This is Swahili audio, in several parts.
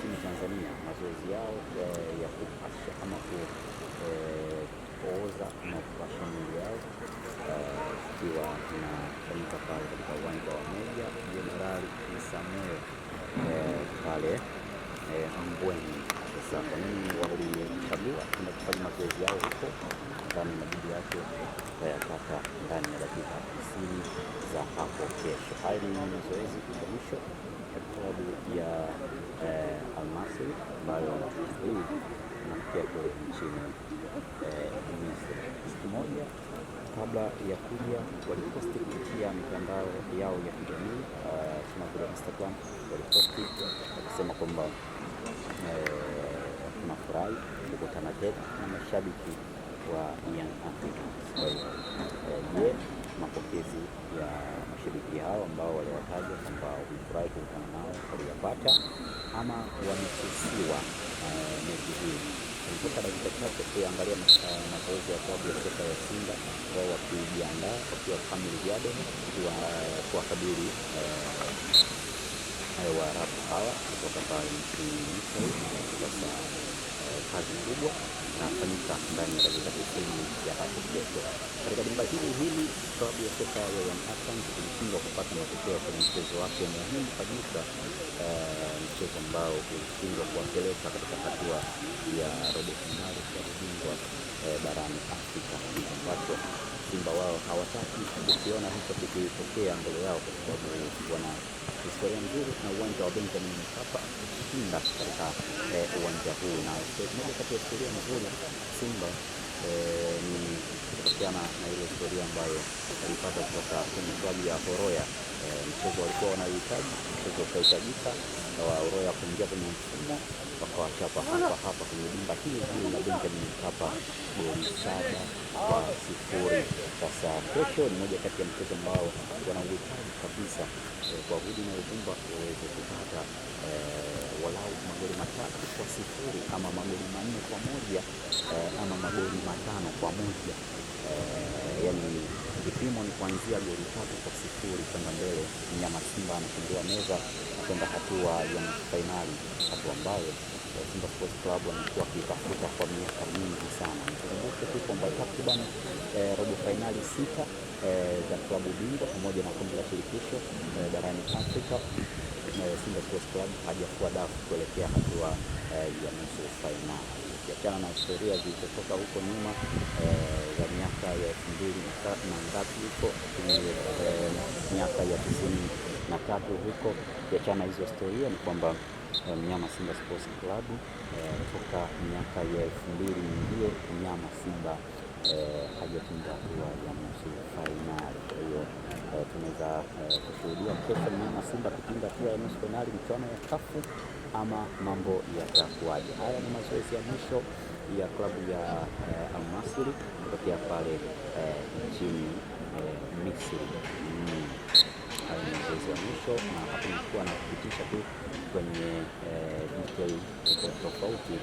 nchini Tanzania mazoezi yao ya kupasha ama kupooza eh, ama kupasha mwili yao eh, ikiwa inafanyika pale katika uwanja wa Meja Jenerali Isamuel eh, pale Mbweni. Sasa kwa nini walichagua kwenda kufanya mazoezi yao huko? Nadhani majibu yake utayapata ndani ya dakika hamsini za hapo kesho. Haya ni mazoezi kwa mwisho ya klabu ya ambayo hii inafikia kule nchini eh, Misri. Siku moja kabla ya kuja waliposti kupitia mitandao yao ya kijamii eh, kama vile Instagram, waliposti wakisema kwamba eh, tunafurahi kukutana tena na mashabiki wa Young Africans eh, je, mapokezi ya mashiriki hao ambao waliwataja kwamba ulifurahi kukutana nao waliyapata ama wamesusiwa eh, mechi hii kutoka dakika chache kuangalia eh, mazoezi ya klabu ya soka ya Simba wao wakijiandaa wakiwa kamili jadi kuwakabili Waarabu hawa kutoka pale nchini Misri. Sasa kazi kubwa inafanyika ndani ya katika beseni ya Patrick Berger. Katika dimba hili hili, klabu ya soka ya Young Africans ilishindwa kupata matokeo kwenye mchezo wake muhimu kabisa, eh, mchezo ambao ulishindwa kuwapeleka katika hatua ya robo finali ya ubingwa eh, barani Afrika, kitu ambacho Simba wao hawataki kukiona hicho kikitokea mbele yao, kwa sababu wana historia nzuri na uwanja wa Benjamin Mkapa Simba katika eh, uwanja huu, na moja kati ya historia nzuri Simba eh, ni kutokana na ile historia ambayo alipata kutoka kwenye klabu ya Horoya. Eh, mchezo walikuwa wanahitaji, mchezo ukahitajika. Roho ya kuingia kwenye mfumo wakawachapa hapa hapa kwenye jumba hili hili la Benjamin Mkapa goli saba kwa sifuri. Sasa kesho ni moja kati ya mchezo ambao wanauhitaji kabisa eh, kwa hudi na Uvumba waweze kupata eh, walau magoli matatu kwa sifuri ama magoli manne kwa moja eh, ama magoli matano kwa moja yani Kipimo ni kuanzia goli tatu kwa sifuri kwenda mbele, mnyama Simba anafungua meza kwenda hatua ya nusu fainali, hatua ambayo Simba Sports Club amekuwa akiitafuta kwa miaka mingi sana. Tukumbuke tu kwamba takriban eh, robo fainali sita eh, za klabu bingwa pamoja na kombe la shirikisho eh, barani Afrika Simba Sports Club hajakuwa dafu kuelekea hatua eh, ya nusu fainali. Ukiachana na historia zilizotoka huko nyuma eh, za miaka ya elfu mbili na ngapi huko, lakini eh, miaka ya tisini na tatu huko, ukiachana hizo historia ni kwamba mnyama Simba Sports Club toka miaka ya elfu mbili ndio mnyama Simba hajatinga hatua ya nusu fainali. Kwa hiyo eh, tunaweza eh, kushuhudia kesho mnyama Simba kutinga hatua ya nusu fainali michuano ya kafu ama mambo yatakuwaje? Haya ni mazoezi ya mwisho ya klabu ya eh, Al Masry kutokea pale nchini Misri. Mm. Haya ni mazoezi ya mwisho, na hapo nilikuwa nakupitisha tu kwenye detail tofauti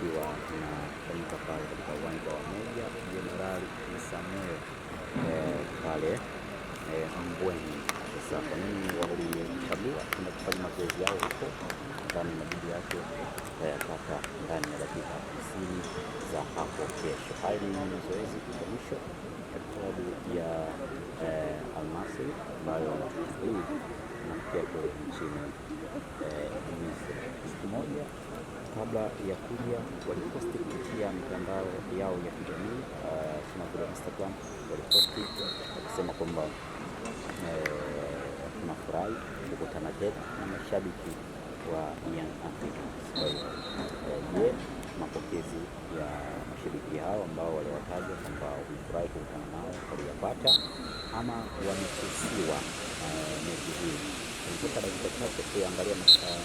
ikiwa inafanyika pale katika uwanja wa Meja Jenerali Samuel eh, pale eh, Mbweni. Sasa kwa nini walichagua kwenda kufanya mazoezi yao huko ndani na yake eh, atayapata ndani ya dakika hamsini za hapo kesho. Haya ni mazoezi ya mwisho ya klabu ya Almasry ambayo yake nchini Misri. Eh, siku moja kabla ya kuja waliposti kupitia mitandao yao ya kijamii tunakula eh, Instagram, waliposti wakisema kwamba eh, tunafurahi kukutana tena na mashabiki wa Young Africans. Kwa hiyo je, mapokezi ya mashabiki hao ambao waliwataja kwamba walifurahi kukutana nao waliyapata ama wamesusiwa mechi hii? Kutoka dakika chache kuangalia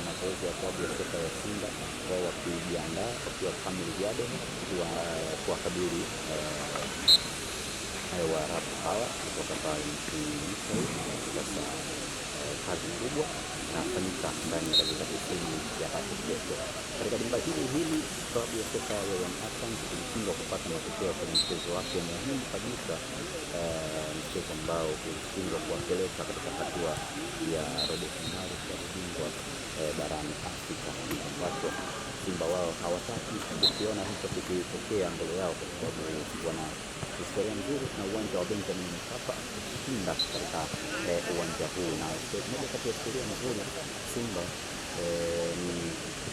mazoezi ya klabu ya soka ya Simba wao wakijiandaa wakiwa Family Garden kuwakabili Waarabu eh, hawa eh, kutoka pale nchini Misri. Sasa eh, kazi kubwa penikah dan mereka istri Jakarta Kijeto. Katika jumba hili hili, klabu ya soka ya Young Africans ilishindwa kupata matokeo kwenye mchezo wake muhimu kabisa, mchezo ambao ulishindwa kuwapeleka katika hatua ya robo fainali ya ubingwa barani Afrika. Simba wao hawataki kukiona hicho kikitokea mbele yao, kwa sababu wana historia nzuri na uwanja wa Benjamin Mkapa kushinda katika eh, uwanja huu, na moja kati ya historia nzuri Simba eh, ni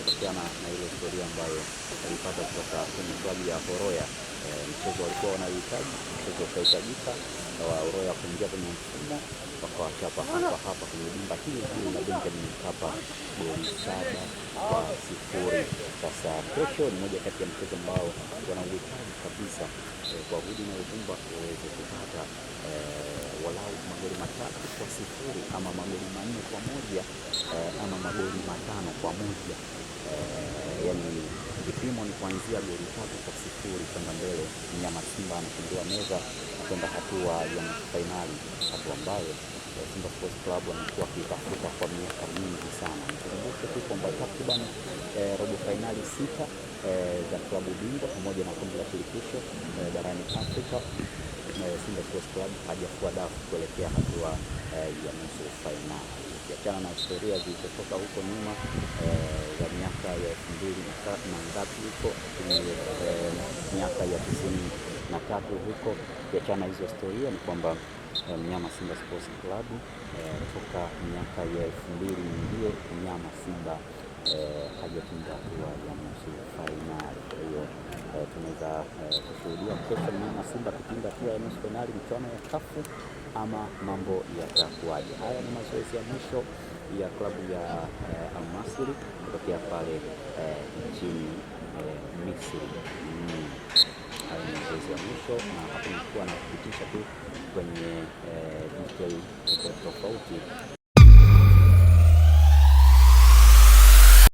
kutokana na ile historia ambayo alipata kutoka kwenye klabu ya Horoya. Eh, mchezo walikuwa wanauhitaji, mchezo ukahitajika wa Horoya kuingia kwenye mfumo, wakawachapa hapa hapa kwenye dimba hili hili na Benjamin Mkapa goli saba kwa sifuri. Sasa kesho ni moja kati ya mchezo ambao wanauhitaji kabisa eh, kwa hudi na Uvumba waweze kupata eh, walau magoli matatu kwa sifuri ama magoli manne kwa moja ama magoli matano kwa moja msimamo ni kuanzia goli tatu kwa sifuri kwenda mbele, mnyama Simba anapindua meza kwenda hatua ya nusu fainali, hatua ambayo Simba Sports Club wamekuwa wakiitafuta kwa miaka mingi sana. Nikumbushe tu kwamba takriban eh, robo fainali sita eh, za klabu bingwa pamoja na kombe la shirikisho eh, barani Afrika Simba Sports Club hajafua dafu kuelekea hatua ya nusu fainali. Ukiachana na historia zilizotoka huko nyuma ya elfu mbili na ngapi huko, lakini eh, miaka ya tisini na tatu huko. Kiachana hizo historia, ni kwamba eh, mnyama Simba Sports Club eh, toka miaka ya elfu mbili ndio mnyama Simba hajatinga hatua ya nusu fainali. Kwa hiyo tunaweza kushuhudia kesho mnyama Simba akitinga hatua ya nusu fainali michuano ya kafu ama mambo yatakuwaje? Haya ni mazoezi ya mwisho ya klabu ya eh, Al kutokea pale eh, eh, Misri. Mm. Hayo ni mazoezi ya mwisho na hapo nilikuwa nakupitisha tu kwenye eh, detail tofauti.